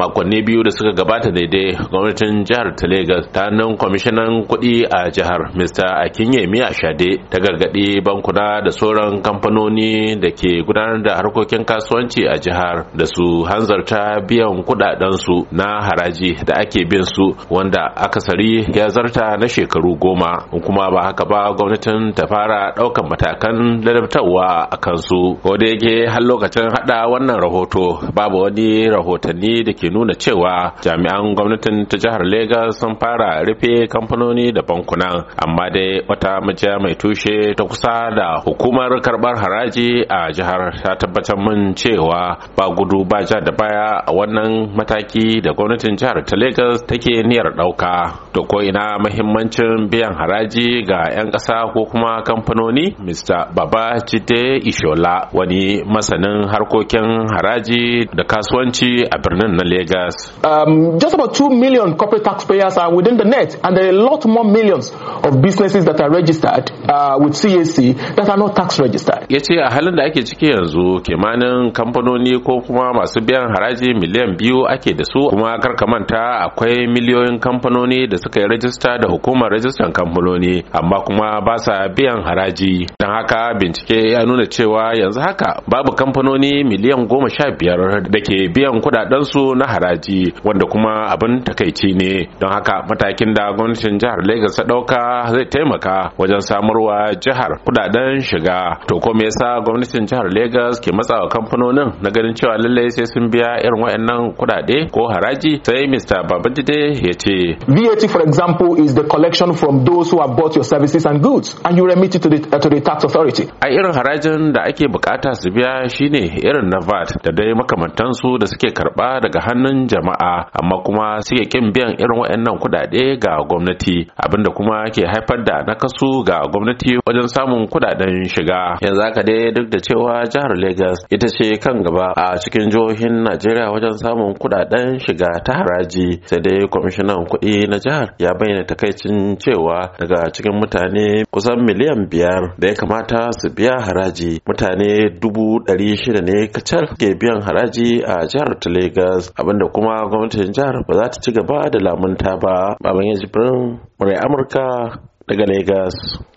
makonni biyu da suka gabata daidai gwamnatin jihar ta lagos ta nan kwamishinan kuɗi a jihar mr miya Shade, ta gargaɗi bankuna da sauran kamfanoni da ke gudanar da harkokin kasuwanci a jihar da su hanzarta biyan su na haraji da ake bin su wanda akasari ya zarta na shekaru goma kuma ba haka ba gwamnatin ta fara ɗaukan matakan ladabtarwa a kansu ko da yake har lokacin haɗa wannan rahoto babu wani rahotanni da ke nuna cewa jami'an gwamnatin ta jihar Legas sun fara rufe kamfanoni da bankuna amma dai wata majiya mai tushe ta kusa da hukumar karbar haraji a jihar ta tabbatar min cewa ba gudu ba ja da baya a wannan mataki da gwamnatin jihar ta Legas take niyyar ɗauka. da ko ina mahimmancin biyan haraji ga 'yan ƙasa ko kuma kamfanoni? Mr. baba Babajide Ishola wani masanin harkokin haraji da kasuwanci a birnin na Legas. gas. Um, just about 2 million corporate taxpayers are within the net, and there are a lot more millions of businesses that are registered uh, with CAC that are not tax registered. Ya ce a halin da ake ciki yanzu kimanin kamfanoni ko kuma masu biyan haraji miliyan biyu ake da su kuma karka manta akwai miliyoyin kamfanoni da suka yi rajista da hukumar rajistan kamfanoni amma kuma ba sa biyan haraji. Don haka bincike ya nuna cewa yanzu haka babu kamfanoni miliyan goma sha biyar da ke biyan su na haraji wanda kuma abin takaici ne don haka matakin da gwamnatin jihar Legas ta dauka zai taimaka wajen samarwa jihar kudaden shiga to ko me yasa gwamnatin jihar Legas ke matsawa kamfanonin na ganin cewa lallai sai sun biya irin waɗannan kudade ko haraji sai Mr. Babajide ya ce VAT for example is the collection from those who have bought your services and goods and you remit it to the, uh, to the tax authority a irin harajin da ake bukata su biya shine irin na VAT da dai makamantansu da suke karba daga hannun hannun jama'a amma kuma suke kin biyan irin waɗannan kuɗaɗe ga gwamnati abinda kuma ke haifar da nakasu ga gwamnati wajen samun kuɗaɗen shiga yanzu haka dai duk da cewa jihar Legas ita ce kan gaba a cikin jihohin Najeriya wajen samun kuɗaɗen shiga ta haraji sai dai kwamishinan kuɗi na jihar ya bayyana takaicin cewa daga cikin mutane kusan miliyan biyar da ya kamata su biya haraji mutane dubu ɗari shida ne kacal ke biyan haraji a jihar ta Legas abinda kuma gwamnatin jihar ba za ta ci gaba da lamunta ba baban ya jibrin murai amurka daga lagos